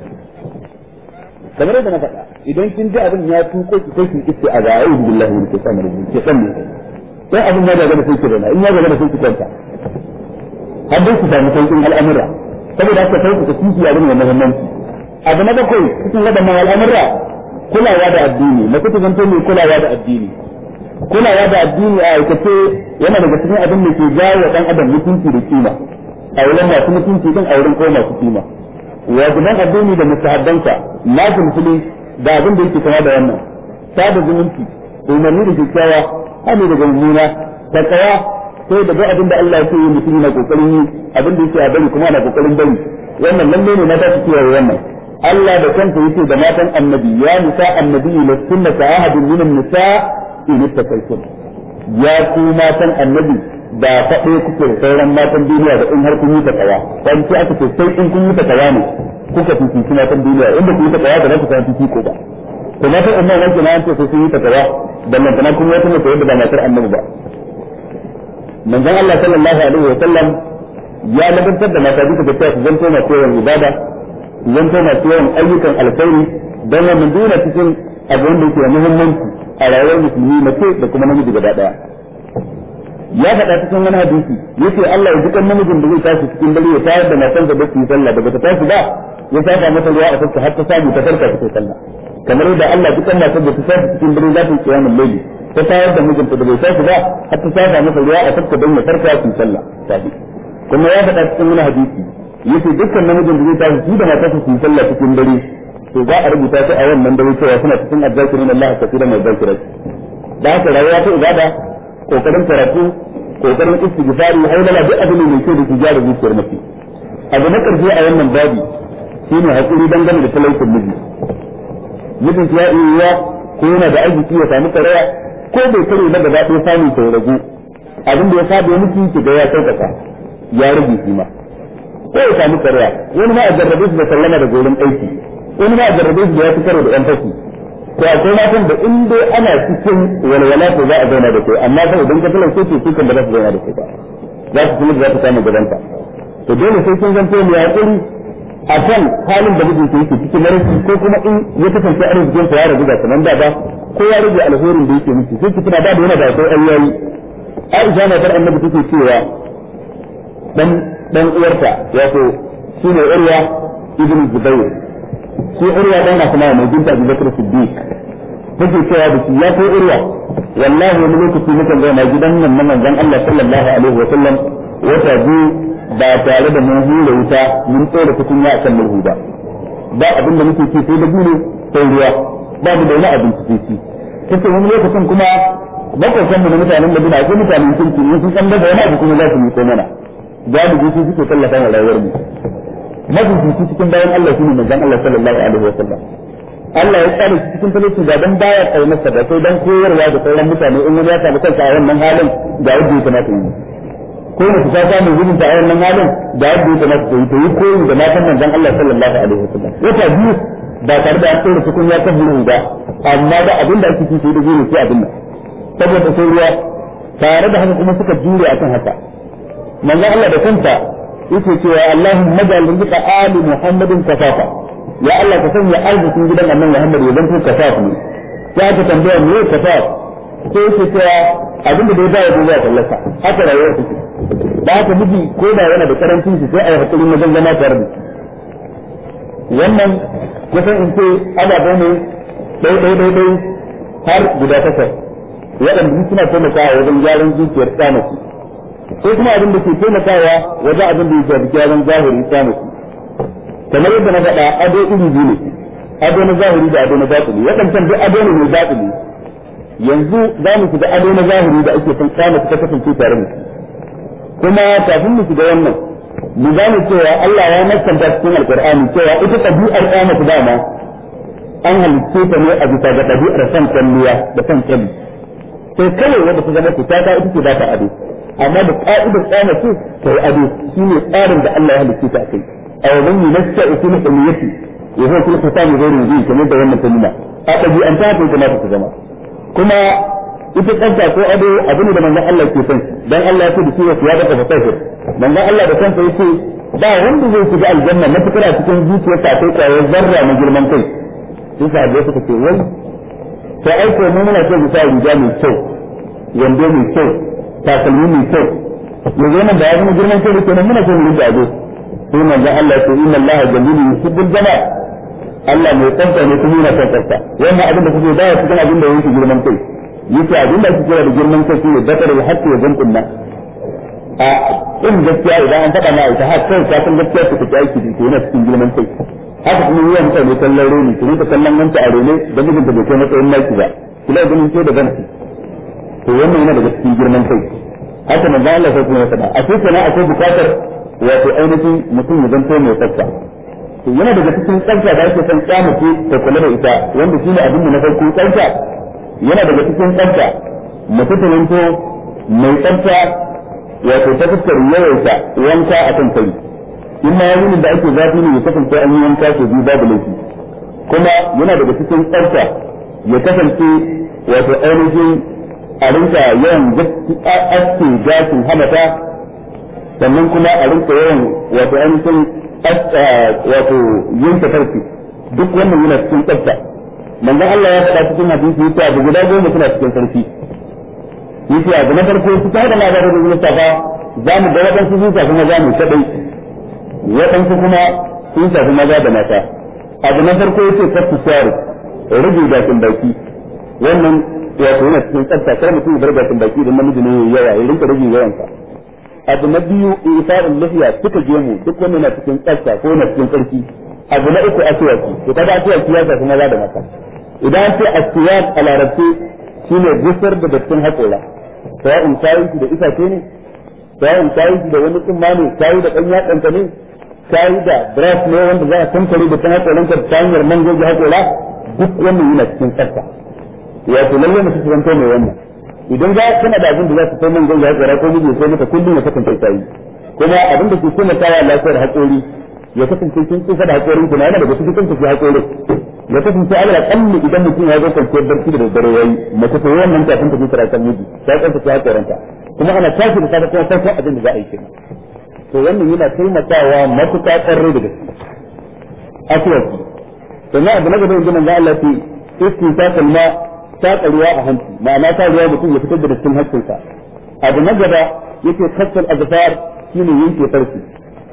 kamar yadda na faɗa idan kin ji abin ya tuko ki kai ki ce a ga ayyuhu billahi min shaitanir rajim ke san ne sai abin ya gagara sai ki rena in ya gagara sai ki kwanta har dai ku samu sauƙin al'amura saboda haka sai ku kishi abin mai muhimmanci abu na bakwai cikin waɗannan al'amura kulawa da addini mace ta zanto mai kulawa da addini kulawa da addini a aikace yana daga cikin abin da ke jawo dan adam mutunci da kima a wurin masu mutunci din a wurin ko masu kima wajiban addini da na lazim da abin da yake kama da wannan sada zumunci da umarni da kyakkyawa hannu daga mummuna da tsawa sai daga abin da Allah ya ce mutum na kokarin yi abin da yake a bari kuma yana kokarin bari wannan lalle ne na tashi kiyaye wannan Allah da kanta yake da matan annabi ya nisa annabi la sunna ka ahadun min nisa in ittaqaytum ya ku matan annabi ba faɗe kuke da sauran matan duniya da in har kun yi tsawa dan ce aka ce sai in kun yi tsawa ne kuka fifi matan duniya inda kun yi takawa da ku san fifi ko ba to sai Umar wanke na yanta sai sun yi takawa ballantana kuma wata mace yadda ba matar annabi ba manzon Allah sallallahu alaihi wa sallam ya labantar da mata duka da cewa su zanto masu yawan ibada su zanto masu yawan ayyukan alkhairi don wannan dole cikin abu wanda yake da muhimmanci a rayuwar musulmi mace da kuma namiji gaba daya ya faɗa cikin wani hadisi yace Allah ya dukan namijin da zai tashi cikin dare ya tayar da matarsa da su sallah da bata tashi ba ya saka mata ruwa a fuska har ta samu ta farka ta sallah kamar yadda Allah duk Allah ta ta sai cikin dare za ta yi kiyamul layli ta tayar da mijinta da bai sai ba har ta saba masa ruwa a tafka don ya farka su sallah tafi kuma ya faɗa cikin wani hadisi yace dukkan namijin da zai tashi shi da matarsa su sallah cikin dare to za a rubuta su a wannan dare cewa suna cikin azzakirin Allah a kafiran azzakirat da haka rayuwa ta ibada kokarin karatu kokarin istighfari haulala duk abin da yake da tijara zuciyar mace abu na karshe a wannan babi shine hakuri dangane da talaucin miji mutum ya iya ko yana da arziki ya samu karaya ko bai kare na gaba ɗaya samun ta ragu abin da ya sa ya miki ki ga ya sauƙaƙa ya rage shi ma ko ya samu karaya wani ma a jarrabe shi da sallama da gurin aiki wani ma a jarrabe shi da ya fi karo da ɗan fashi to akwai matan da in dai ana cikin walwala to za a zauna da kai amma fa idan ka talauce ce su kan za su zauna da kai ba za su kuma za su samu gaban ka to dole sai kin zanto mu yaƙuri a kan halin da mijinta yake cikin rashi ko kuma in ya kasance arzikin sa ya rabu da kaman daga ko ya rage alherin da yake miki sai kina ba yana da sai ayyayi Aisha na tar annabi take cewa dan dan uwarta wato shine Urwa ibn Zubayr shi Urwa dan na kuma mai binta Abu Bakr Siddiq take cewa da shi ya ko Urwa wallahi wani lokaci mukan ga na gidan nan manzon Allah sallallahu alaihi wa sallam wata biyu ba tare da mun hura wuta mun tsora ya san murhu ba ba abin da muke ci sai da gure sai ruwa ba mu da wani abinci sai ci kace wani lokacin kuma makwabtan mu da mutanen Madina akwai mutanen sun ci sun san da wani abu kuma za su miƙo mana galibi su suke tallafa wa rayuwar mu mafifici cikin bayan Allah ne manzon Allah sallallahu alaihi wasallam Allah ya tsare shi cikin talauci ga dan baya kaunar sa da sai dan koyarwa da sauran mutane in wani ya samu kansa a wannan halin ga yadda ya kamata yi ko mace ta samu gudun ta a wannan halin da yadda ya kamata ta yi ta yi koyi da matan manzon Allah sallallahu alaihi wasallam wata biyu ba tare da an tsora cikin ya kan hulun ba amma da abin da ake cikin da gini sai abin nan saboda sai ruwa tare da haka kuma suka jure akan haka manzon Allah da kanta yake cewa Allahumma ja'al rizqa ali muhammadin kafafa ya Allah ka sanya arzikin gidan annabi Muhammad ya zanto kafafa ne ya ka tambaya me kafafa sai yake cewa abinda da ya ba ya zo ya tallata haka rayuwar take ba ka miji ko da yana da karancin shi sai a yi hakuri na zama tare da wannan kusan in ce ababe ne ɗai ɗai ɗai har guda takwas waɗanda suna taimakawa wajen gyaran zuciyar tsamaki ko kuma abin da ke taimakawa wajen abin da ya shafi gyaran zahiri tsamaki kamar yadda na faɗa ado iri biyu ne ado na zahiri da ado na batini waɗancan duk ado ne mai batini yanzu za mu shiga ado na zahiri da ake son kama ta kasance tare mu kuma kafin mu shiga wannan mu za mu cewa Allah ya nasanta cikin alqur'ani cewa ita tabi'ar kama ta dama an halitta ta ne a bisa ga tabi'ar san kalliya da san kalli sai kawai wanda ta zama ta ta ita ce za ta ado amma da ka'idar kama ce ta yi ado shi ne tsarin da Allah ya halitta ta kai a wajen yi nasta uku na kaliyati ya zo kuma ta samu zai rinji kamar da wannan kalma a ɗabi'anta ta yi ta zama kuma ita tsafta ko ado abu ne da manzon Allah ke son dan Allah ya ce da shi wasu ya daga fasahir manzon Allah da kansa yake ba wanda zai shiga aljanna na fikira cikin zuciyar ta kai kwaye zarra na girman kai sun sahabbai suka ce wai to ai ko mu muna so mu sa riga mai kyau wando mai kyau takalmi mai kyau yanzu wannan da ya zama girman kai ne kenan muna so mu riga azo sai manzon Allah ya ce inna Allah jalilun yuhibbul jamal Allah mai tsanta ne kuma yana son tsanta wannan abin da kuke ba ya cikin abin da yake girman kai yace abin da ake kira da girman kai shine bakar da haqqi wa zamtun nas a in gaskiya idan an faɗa mai ta hakkan ka san gaskiya ku ta aiki da yana cikin girman kai haka kuma yawan ne kallon roni ku ta kallon wanta a rone da mijinta bai kai matsayin maki ba kula da mun ce da ganki to wannan yana daga cikin girman kai haka manzo Allah sai kuma ya faɗa a cikin akwai bukatar wato ainihin mutum ya zanto mai tsafta to yana daga cikin tsafta da yake san tsama ce ta kula da ita wanda shine abin da na farko tsafta yana daga cikin tsafta mutum ta zanto mai ya wato ta fuskar yawaita wanka akan kai in ma yayin da ake zafi ne ya kasance an yi wanka ko biyu babu laifi kuma yana daga cikin tsafta ya kasance wato ainihin a rinka yawan aske gashin hamata sannan kuma a rinka yawan wato ainihin wato yanke farki duk wannan yana cikin tsafta manzon Allah ya faɗa cikin hadisi yace abu guda goma suna cikin sarki yace abu na farko su ta da labarin da Mustafa za mu ga waɗansu sun shafi maza ne kadai waɗansu kuma sun shafi maza da mata abu na farko yace kafu shari rage baki wannan wato yana cikin tsafta kar mutum ya bar baki idan namiji ne yayi yawa ya rinka rage yawan sa abu na biyu isa'ul lihiya suka gemu duk wanda na cikin tsafta ko na cikin tsarki abu na uku aswaki to kaga aswaki ya shafi maza da mata idan ce aswak a larabci shine gusar da dattin haƙora sawa'un kayan da itace ne sawa'un kayan da wani tsumma ne kayi da ɗan yatsanka ne kayi da brass ne wanda za a tantare da haƙoran ka ta hanyar mangoji haƙora duk wannan yana cikin tsafta wato lalle mutum su zanto mai wannan idan za su da abin da za su kai nan ya tsara ko miji sai maka kullum ya kasance yi. kuma abin da ke taimakawa lafiyar haƙori ya kasance kin kusa da haƙori. ku na yana da cikin kanta da haƙori ya kasance Allah kalli idan mutum ya zo kwanciyar barci da daddare yayi mace ta wannan kafin ta fitara kan miji ta kanta ki haƙoranta kuma ana tafi da safe kuma sai abin da za a yi kuma to wannan yana taimakawa matuƙa ƙarfi da gaske akwai sannan abu na gaba inda manzo Allah ya ce istisaqal ma' ta ruwa a hanci ma'ana ta ruwa mutum ya fitar da dattin hancinsa abu na gaba yake kasar azfar shine yanke farki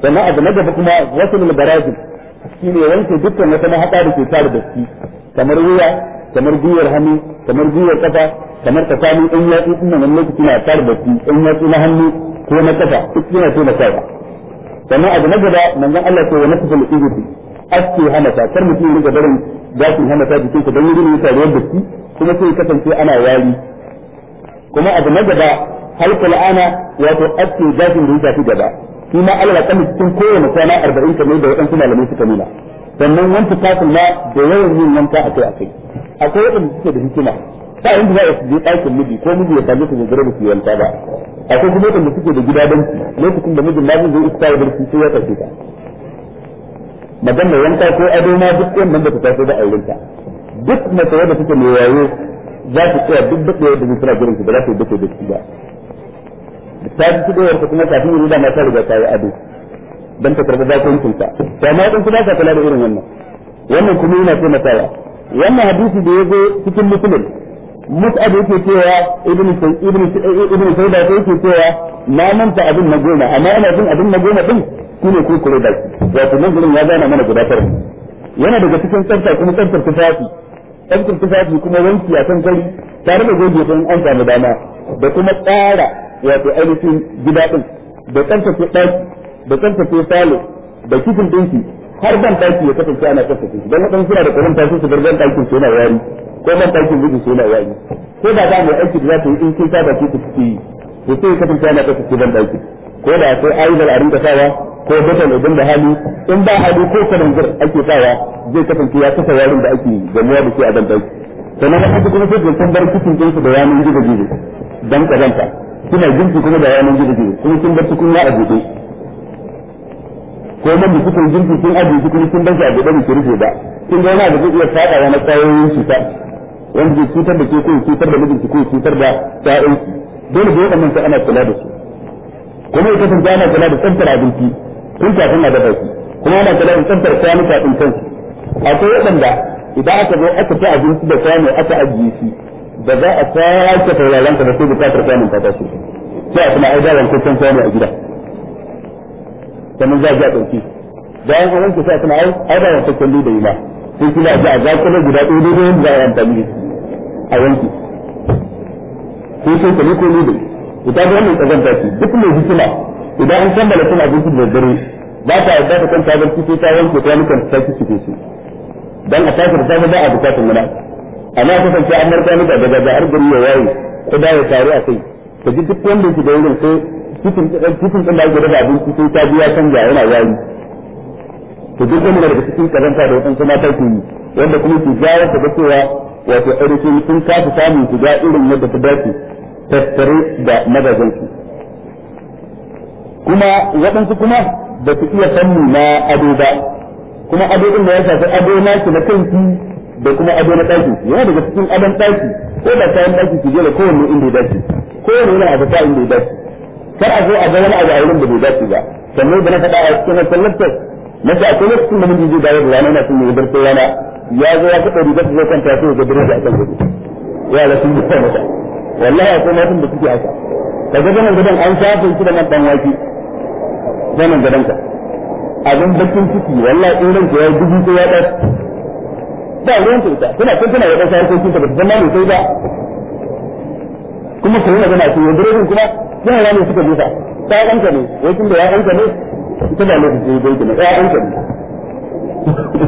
sannan abu na gaba kuma wasu baraji shine wanke dukkan wata mahaɗa da ke tare da shi kamar wuya kamar gwiwar hannu kamar gwiwar kafa kamar tsakanin ɗan yatsu ɗin nan lokaci na tare da shi ɗan yatsu na hannu ko na kafa duk yana taimakawa sannan abu na gaba manzon Allah ce wa nafsul ibti aske hana ta kar mutum ya riga barin gashin hana ta jikinsa don yin yin tariyar da shi kuma sai kasance ana wari kuma abu na gaba halkul la'ana wato aske gashin da ya shafi gaba shi ma Allah kan cikin kowane kwana arba'in kamar da waɗansu malamai suka nuna sannan wanta kafin ma da yawan yin wanka akai akai akwai waɗanda suke da hikima ba inda za a je ɗakin miji ko miji ya same ta gagara da su yanka ba akwai kuma wanda suke da gida don lokacin da mijin lafi zai iska ya barci sai ya tafi ta magana yanka ko ado ma duk wannan da ta tafi da aurenta duk mace wadda take mai wayo za su tsaya duk duk da zai tana gurin ki ba za su yi duk da shi ba ta ji tudowar ta kuma kafin yi da mata riga ta yi ado dan ta karɓi zakoncin ta to amma dan kuma ta kula da irin wannan wannan kuma yana taimakawa wannan hadisi da ya zo cikin musulun mus'ab yake cewa ibn ibn ibn sauda yake cewa na manta abin na goma amma ina jin abin na goma din shine kurkure baki wato nan gurin ya gana mana guda tara yana daga cikin tsafta kuma tsaftar fasi. ɗaukin tufafi kuma wanki a kan kari tare da goge don an samu dama da kuma tsara wato ainihin gida ɗin da tsaftace ɗaki da tsaftace falo da kifin ɗinki har ban ɗaki ya kasance ana tsaftace shi don waɗansu suna da ƙwaranta su su bar ban ɗakin su yana wari ko ban ɗakin mijin su yana wari ko da mu yi aiki da za su yi in kin saba ki ku yi to sai kasance ana tsaftace ban ɗaki ko da sai ayi da a rinka sawa ko bata idan da hali in ba hali ko kalanzir ake sawa zai kasance ya kasa yaron da ake gamuwa da shi a dan dauki sannan na su kuma sai da san bar cikin jinsu da yanan gizo gizo dan kazanta kina jinsu kuma da yanan gizo gizo kuma sun bar cikin ya a gobe ko man da cikin jinsu kin aji kuma kin bar shi a gobe ne ki rufe ba kin ga yana da zai iya fada wani tsayoyin shi ta wanda ke cutar da ke ko cutar da mijinki ko cutar da ta'in dole da wannan sai ana kula da su kuma ita tantana kula da tsantar abinci tun kafin a dafa shi kuma yana kula da tsantar kwanuka din kansu akwai waɗanda idan aka zo aka ci abinci da kwano aka ajiye shi ba za a sake tauraron ka da sai bukatar kwanon ka tashi sai a kuma aida wanke can kwano a gida sannan za a ji a ɗauki bayan an wanke sai a kuma aida wanke can da yi ma sai kuma a ji a zakalo guda ɗaya daidai yadda za a yi amfani a wanke sai sai ka ne ko ne da ita ga wannan ta ce duk mai hikima idan an kammala cin abinci da dare ba ta yarda ta kwanta barci sai ta wanke ta nukan ta ci cike su dan a tashi da safe ba a bukatun mana amma kasance an marka nuka daga da har gari ya yayi ko da ya taru a kai ka ji duk wanda yake da wurin sai titin titin din da ake dafa abinci sai ta biya canja yana yayi to duk wanda daga cikin karanta da wadansu mata ke yi wanda kuma ke jawo ta ga cewa wato aure sun kafa samun shiga irin yadda ta dace tattare da magajin su kuma waɗansu kuma ba su iya fanni na ado ba kuma ado ɗin da ya shafi ado na shi na kanki da kuma ado na ɗaki yana daga cikin adon ɗaki ko da kayan ɗaki su je kowanne inda ya dace kowanne yana a fata inda ya dace kar a zo a ga wani abu a wurin da bai dace ba sannan da na faɗa a cikin sallatar na a akwai lokacin da mun je da yau rana na sun yi barko rana ya zo ya kaɗa rigar da zai kwanta sai ya ga dare da akan gudu ya ga sun yi kwanta wallahi akwai matan da suke haka daga ganin gudan an shafe shi da man ɗan wake zanen a abin bakin ciki wallahi in ranka ya dubu ko ya ɗan ba ruwan ta ita tana kun tana yaɗa sayar kokin ta ba zama mai sai ba kuma na yi magana su dare kun kuma yana rami suka jefa ta ɗanka ne kun da ya ɗanka ne ita da lokaci da ɗanka ne ya ɗanka ne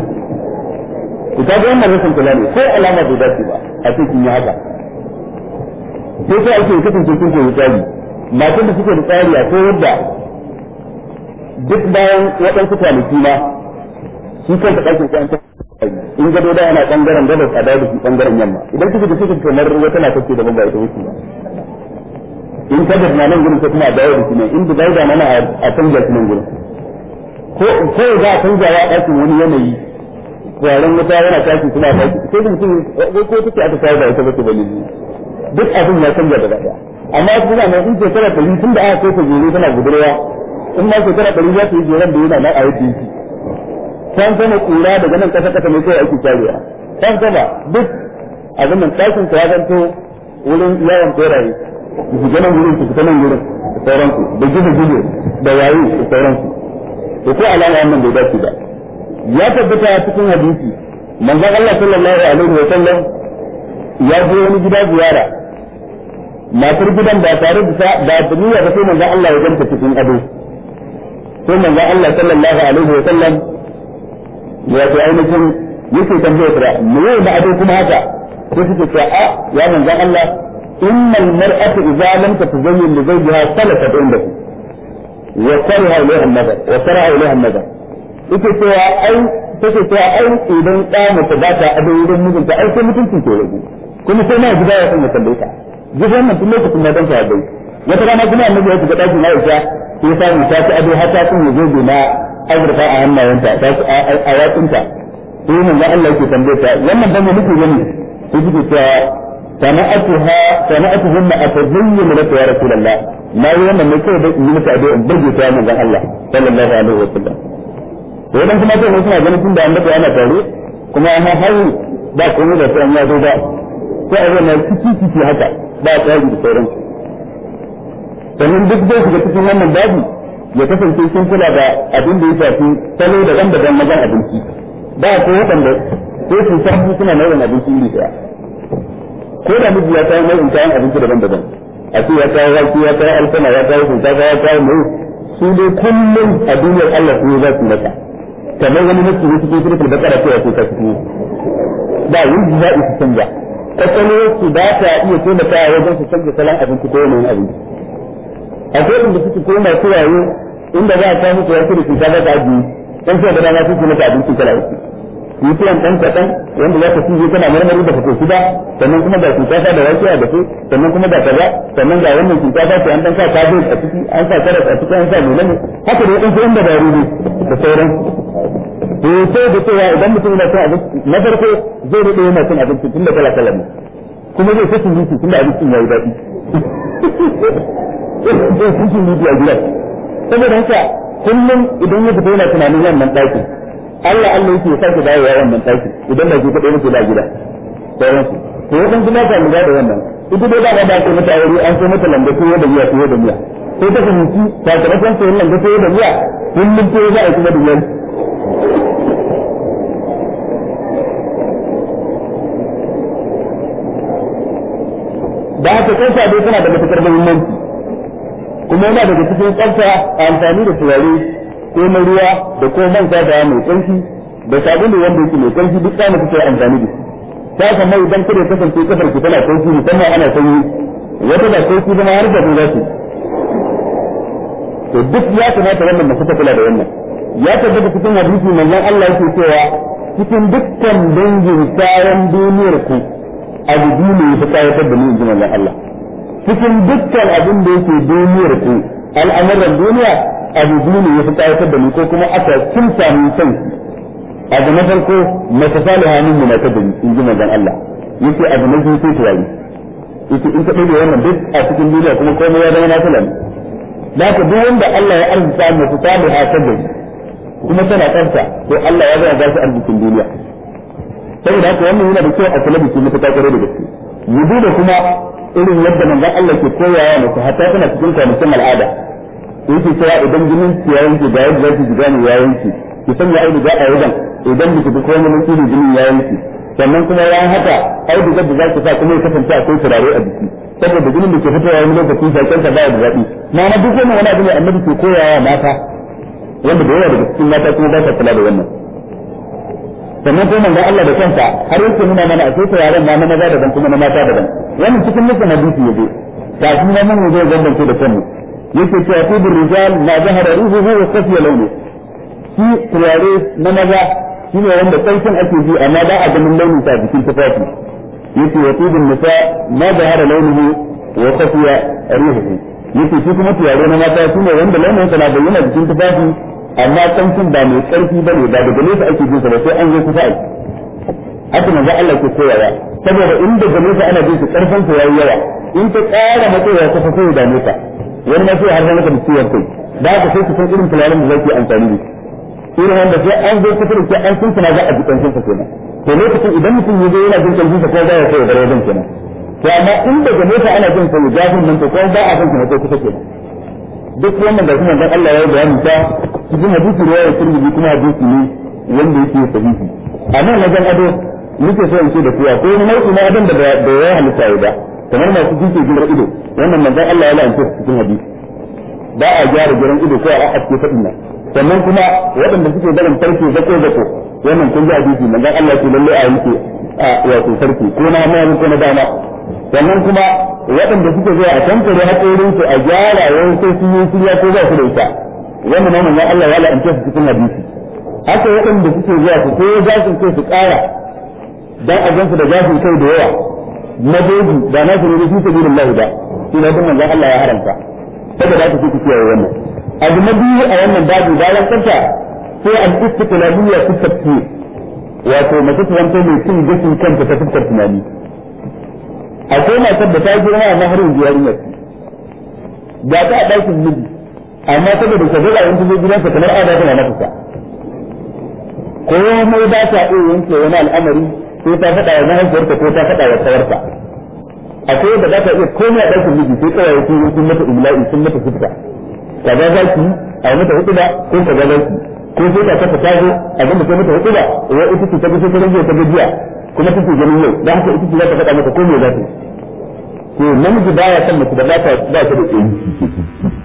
ita ga wannan rashin kula ne ko alama bai dace ba a cikin ya haka sai sai ake kasance kun ke tsari matan da suke da tsari a ko wadda duk bayan waɗansu kwanaki ma shi kanta ɗakin sai an ta in gado da yana ɓangaren gabas a dawo da shi ɓangaren yamma idan kuka da kuka kamar wata na kake daban ba ita wuce ba in ta na nan gurin ta kuma dawo da shi ne in da dawo da na a canza shi nan gurin ko ko za a canza ya ɗakin wani yanayi kwaron wata yana tashi suna tashi sai da mutum ko take aka kawo da ita ba ce ba ne duk abin ya canza da gaba amma kuma na in ce ta yi tun da aka kai ta jere tana gudurwa in ma shekara ɗari za su yi jeren da yana na a yadda yake san sama kura daga nan kasa kasa mai kawai ake kyarewa san sama duk a zaman tashin ka ya zanto wurin yawon koraye su fita nan wurin su fita nan wurin da sauransu da gina gina da yayi da sauransu to ko alama wannan bai dace ba ya tabbata cikin hadisi manzon Allah sallallahu alaihi wa sallam ya je wani gida ziyara matar gidan ba tare da ba da niyya ba sai manzon Allah ya ganta cikin ado ko manzo Allah sallallahu alaihi wa sallam wato ainihin yake tambaye ta me yau da abin kuma haka ko suke cewa a ya manzo Allah innal mar'atu idza lam tatazayyin li zawjiha salafat indahu wa karaha ilayha an-nazar wa karaha ilayha an-nazar yake cewa ai take cewa ai idan ta mace ba ta abin idan mijinta ai sai mutuncin ke rabu kuma sai na gida ya san ya tambaye ta gidan nan tun lokacin na dan ta bai wata rana kuma annabi ya shiga dakin Aisha sai ya samu ta ci ado har ta sun yaje gona azurfa a hannayenta ta a yatsunta sai mun ga Allah yake tambaye ta wannan ban muke gani sai kike ta sana'atuha sana'atuhum atazayyin lak ya rasulullah na yi wannan ne kai da yi mata ado bage ta mun ga Allah sallallahu alaihi wasallam to dan kuma sai suna ganin tunda annabi yana tare kuma amma har ba komai da sai an ya zo ba sai a zo na ciki ciki haka ba yi da sauransu sannan duk zai shiga cikin wannan babu ya kasance sun kula da abin da ya shafi salo daban-daban mazan abinci ba ko wanda ko su su suna nau'in abinci iri ɗaya ko da miji ya kawo nau'in kayan abinci daban-daban a ce ya kawo wasu ya kawo alkana ya kawo shinkafa ya kawo mai su dai kullum a duniyar Allah su za su mata kamar wani nasu ne cikin kirkin da ko ya ce ta cikin ba yin jiza'i su canja kasalo su ba ta iya taimakawa wajen su canza salon abinci ko yanayin abinci akwai da suke koma masu wayo inda za a kawo musu wasu da su ta ajiye dan sai da dama suke maka abinci kala uku yi kiyan ɗan kaɗan wanda za ka su yi kana marmari da kake shida sannan kuma ga shinkafa da wasu a gasu sannan kuma ga kaza sannan ga wannan shinkafa su an ɗan sa kafin a ciki an sa karas a ciki an sa nuna ne haka dai da su inda dabaru ne da sauran to sai da cewa idan mutum yana son abinci na farko zai rike yana son abinci tun da kala kala ne kuma zai fi su tun da abincin ya yi daɗi [LAUGHS] zai miji a gidan saboda haka kullum idan yana tunanin ɗakin Allah Allah yake ya sake ɗakin idan ba ke kaɗai ba gida sauransu kuma da wannan ita dai ba ba mata da miya ko da miya sai kuma da da haka dai kuma yana daga cikin tsafta amfani da turare ko na ruwa da ko man da mai ƙarfi da sabulu wanda yake mai ƙarfi duk da kuke amfani da ta kamar idan ya kasance kafar ki tana ƙarfi musamman ana sanyi wata da ƙarfi zama har da za su to duk ya kamata wannan masu kula da wannan ya tabbata cikin hadisi manzon Allah yake cewa cikin dukkan dangin kayan duniyar ku abu biyu ne ya fi tsayatar da mu in ji manzon Allah cikin dukkan abin da yake duniyar ku al'amuran duniya abu biyu ne ya fi kayatar da ni ko kuma aka kin sami abu na farko mu mata da ni in ji Allah abu na in ka wannan duk a cikin duniya kuma komai ya zama nafila ne da ka duk wanda Allah ya arzuta da kuma tana Allah ya zama arzikin duniya saboda haka wannan yana da kyau a kula da da gaske da kuma irin yadda manzon Allah ke koyawa muku hatta tana cikin kwanakin al'ada yake cewa idan jinin ki ya yanke ga yadda zaki ji gane ya yanke ki sanya auduga a wajen idan ki bi komai mun kiri jinin ya yanke sannan kuma ya haka aiduga da zaki sa kuma ya kasance akwai turare a jiki saboda jinin da ke fitowa wani lokaci zakin sa baya da zabi na na duk wani wani abu ne annabi ke koyawa mata wanda da yawa daga cikin mata kuma ba ta kula da wannan sannan kuma manzo Allah da kansa har yake nuna mana a sai turaren ma na maza daban kuma na mata daban wannan cikin nufin hadisi yaje kafin nan mun zo gambance da kanmu yake cewa tibir rijal ma zahara ruhuhu wa khafiya launi shi turare na maza shi ne wanda sarkin ake ji amma ba a ganin launin sa jikin tufafi yake wa tibir nisa ma zahara launuhu wa khafiya ruhuhu yake shi kuma turare na mata shi ne wanda launin sa na bayyana jikin tufafi amma kamshin ba mai karfi ba ne ba daga nesa ake jinsa ba sai an yi kusa ake haka manzo Allah ke koyawa saboda in daga nesa ana jin su karfin sa yayi yawa in ta ƙara matsayawa ta fasa da nesa Wannan sai har zama da ciwon kai da ka sai ku san irin tunanin da zaki amfani da shi irin wanda sai an zo kusa da sai an tuntuna za a ji kamshin sa kenan to lokacin idan mutum ya zo yana jin kan jinsa ko za ya kai da wajen kenan to amma in daga nesa ana jin sa ya jafin nan to ko ba a san sa ko kusa kenan duk wannan da kuma dan Allah ya yi bayani ta cikin hadisi riwaya tirmidhi kuma hadisi ne wanda yake sahihi amma wajen ado nake so in ce da kuwa ko wani nau'i na adon da ba ya halitta ya ba kamar masu jike gidan ido wannan manzon Allah ya la'anta cikin hadisi ba a gyara gidan ido ko a aske ta nan sannan kuma waɗanda suke barin farko zako zako wannan kun ji hadisi manzon Allah ke lalle a yanke a wato farce. ko na mai ko na dama sannan kuma waɗanda suke zuwa a tantare haƙorin su a gyara wani sai sun yi ko za su da ita wanda na manzon Allah ya la'anta su cikin hadisi haka waɗanda suke zuwa su ko gashin kai su ƙara dan a gansu da gashin kai da yawa na dogi da na su ne fi sabilillah ba shi ne manzon Allah ya haramta saboda su suke kiyaye wannan abu na biyu a wannan babu bayan tsafta sai an al-istiqlaliyya fi tafsir wato mace ta zanto mai cin gashin kanta ta fuskar tunani akwai matar da ta girma a maharin biyar ne ga ta a ɗakin miji amma saboda shagala in ta zo gidansa kamar ada tana mata sa ko mai ba ta iya yanke wani al'amari ko ta faɗa wa mahaifiyarta ko ta faɗa wa kawarta akwai yadda za ta iya komai a ɗaukar miji sai kawai sun yi sun mata ibla'i sun mata ka ga za ki a yi mata ba ko kaza za ki ko sai ka kafa ta zo a ga mutum mata ba ya ita ce ta ga ta rage ta gajiya kuma take ganin yau da haka ita ce za ta faɗa mata komai za ta yi to namiji baya son mace da ba ba ta da tsayi